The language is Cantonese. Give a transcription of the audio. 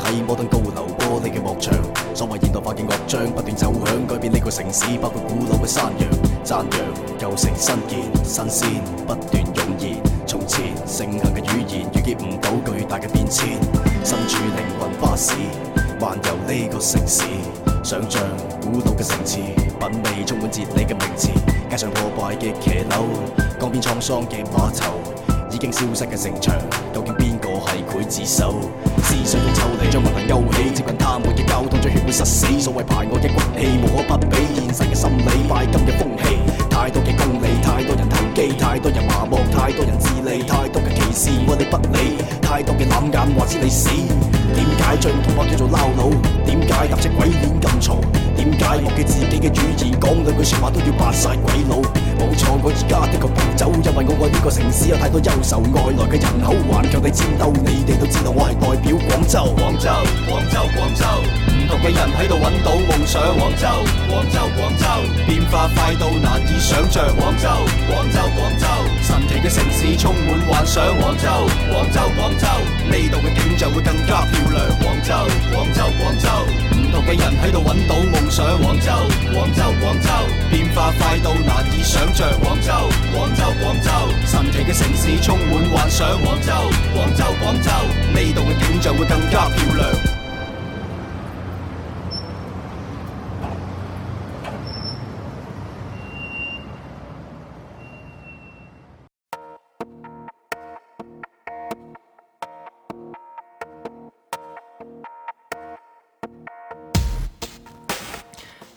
喺摩登高樓玻璃嘅幕牆，所謂現代化嘅樂章不斷奏響，改變呢個城市，包括古老嘅山羊、贊揚、舊城新建、新鮮不斷湧現。從前盛行嘅語言，預見唔到巨大嘅變遷。身處靈魂花市，環遊呢個城市，想象古老嘅城市，品味充滿哲理嘅名詞。街上破敗嘅騎樓，江邊滄桑嘅碼頭，已經消失嘅城牆，究竟邊個係劊子手？思想要抽離，將物題勾起，接近貪婪嘅交通，將血管塞死。所謂排外嘅骨氣，無可不比現實嘅心理，拜金嘅風氣，太多嘅功利，太多人投機，太多人麻木，太多人自利，太多嘅歧視，我理不理。嘅冷眼話你，或者你死？點解將通話叫做撈佬？點解搭隻鬼鏈咁嘈？點解用我自己嘅語言講兩句説話都要白晒鬼佬？冇錯，我而家的確要走，因為我愛呢個城市有太多憂愁。外來嘅人口頑強地戰鬥，你哋都知道我係代表廣州。廣州，廣州，廣州，唔同嘅人喺度揾到夢想。廣州，廣州，廣州，變化快到難以想像。廣州，廣州，廣州，神奇嘅城市充滿幻想。廣州，廣州，廣州。呢度嘅景象會更加漂亮。廣州，廣州，廣州，唔同嘅人喺度搵到夢想。廣州，廣州，廣州，變化快到難以想象。廣州，廣州，廣州，神奇嘅城市充滿幻想。廣州，廣州，廣州，呢度嘅景象會更加漂亮。